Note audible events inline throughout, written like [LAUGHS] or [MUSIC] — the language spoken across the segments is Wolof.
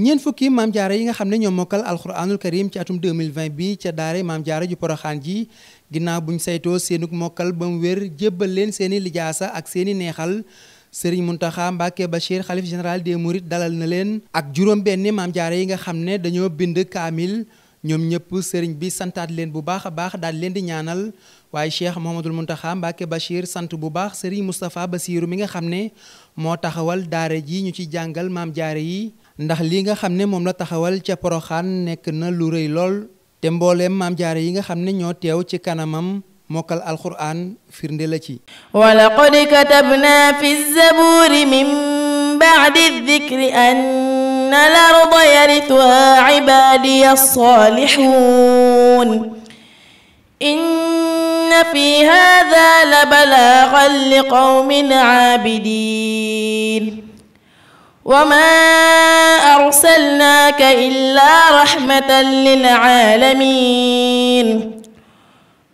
ñeent fukki maam jaara yi nga xam ne ñoo mokkal alxuraanul karim ci atum 2020 bi ca daare maam jaara ju poroxaan ji ginnaaw buñ saytoo seenug mokkal ba mu wér jébbal leen seeni lijaasa ak seeni neexal sëriñ Muntaxa Mbàkke Bachir xalif général des mourides dalal na leen ak juróom benn maam jaara yi nga xam ne dañoo bind kaamil ñoom ñëpp sëriñ bi santaat leen bu baax a baax daal leen di ñaanal waaye cheikh Mouhamadul Muntaxa Mbàkke Bachir sant bu baax sëriñ Moustapha Bassirou mi nga xam ne moo taxawal daare ji ñu ci jàngal maam jaare yi ndax li nga xam ne moom la taxawal ca poroxaan nekk na lu rëy lool te mbooleem maam jaare yi nga xam ne ñoo teew ci kanamam mokkal alxuraan firnde la ci wa laqad katabna fi zabuuri min ba'di dhikri anna al-arda yarithuha ibaadiya as-saalihun inna fi hadha la balaagan li qawmin aabidiin وما أرسلناك إلا رحمة للعالمين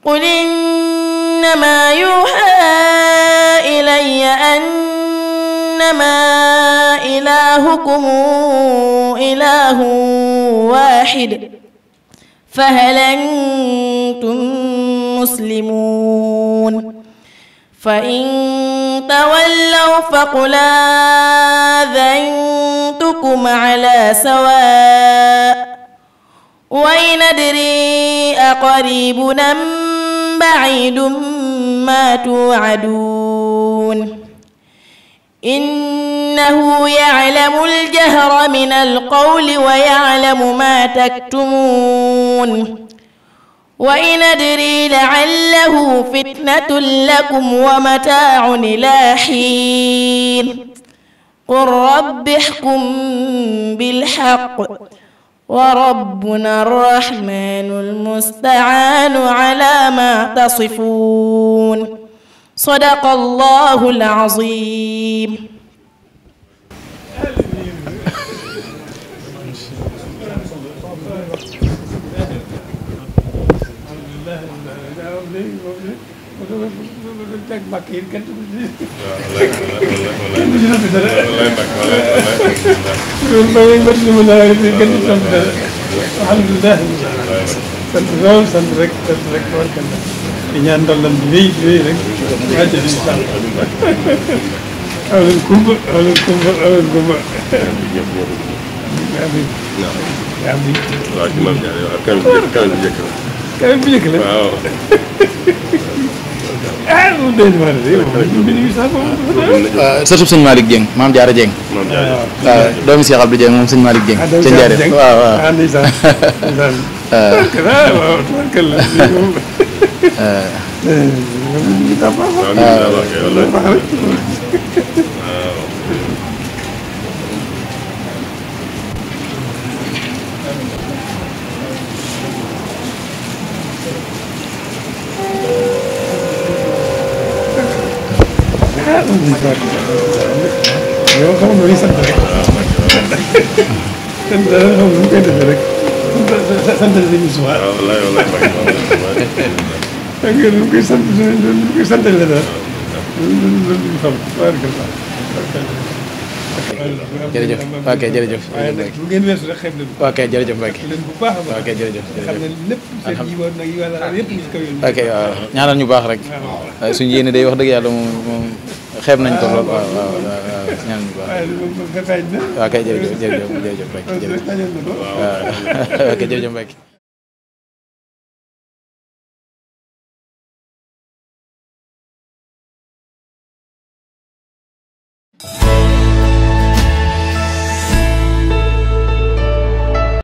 قل إنما يوحى إلي أنما إلهكم إله واحد فهل أنتم مسلمون فإن تولوا فقل آذنتكم على سواء وإن أدري أقريب أم بعيد ما توعدون إنه يعلم الجهر من القول ويعلم ما تكتمون wa in adri la'allahu fitnatun lakum wa mataa'un ilaa hiin qul rabbi ihkum bil haqq wa rabbuna arrahmaanul musta'aanu alaa maa tasifuun sadaqallahul aziim teg mbàkk yi kenn du ci noppi dara loolu ba léegi bëri na mu nawet bi kenn du ci noppi dara alhamdulilah sant lool sant rek sant rek war kenn di ñaan ndollam di wéy di wéy rek rajo bi incha allah awlen kumba awlen kumba awlen kumba amiin amiin waaw ci mam jaar yow ak kanam bu njëkk la kanam bu njëkk la waaw surtout sëñ Malick Dieng maam Diarra Dieng. maam Diarra Dieng waaw ah, doomu Cheikh Abdou Dieng moom sëñ Malick Dieng. Ah, ca Ndiarène waaw waaw ah ndeysaan ndeysaan. Ah, [LAUGHS] yow xam nga li sant rek sant da nga xam ne bu ñu koy defee rek sant nañu si waat. waaw walaay walaay Mbacke xam nga lu ñu koy sant lu ñu koy sant la daal loolu loolu duñu xam waaw. jërëjëf ok jërëjëf. waaye nag bu ngeen weesu rek xeeb leen. ok jërëjëf Mbacke. leen bu baax a baax ok jërëjëf. xam ne lépp seen yi woon nag yi wala yëpp ñu si kaw yoon. ok waaw ñaanal ñu baax rek. waaw suñu yéene day wax dëgg yàlla moom moom. xeeb nañ ko lool waaw waaw waaw ñaan ñu baax waaw kay jërëjëf jërëjëf jërëjëf Mbacke jërëjëf waaw kay jërëjëf Mbacke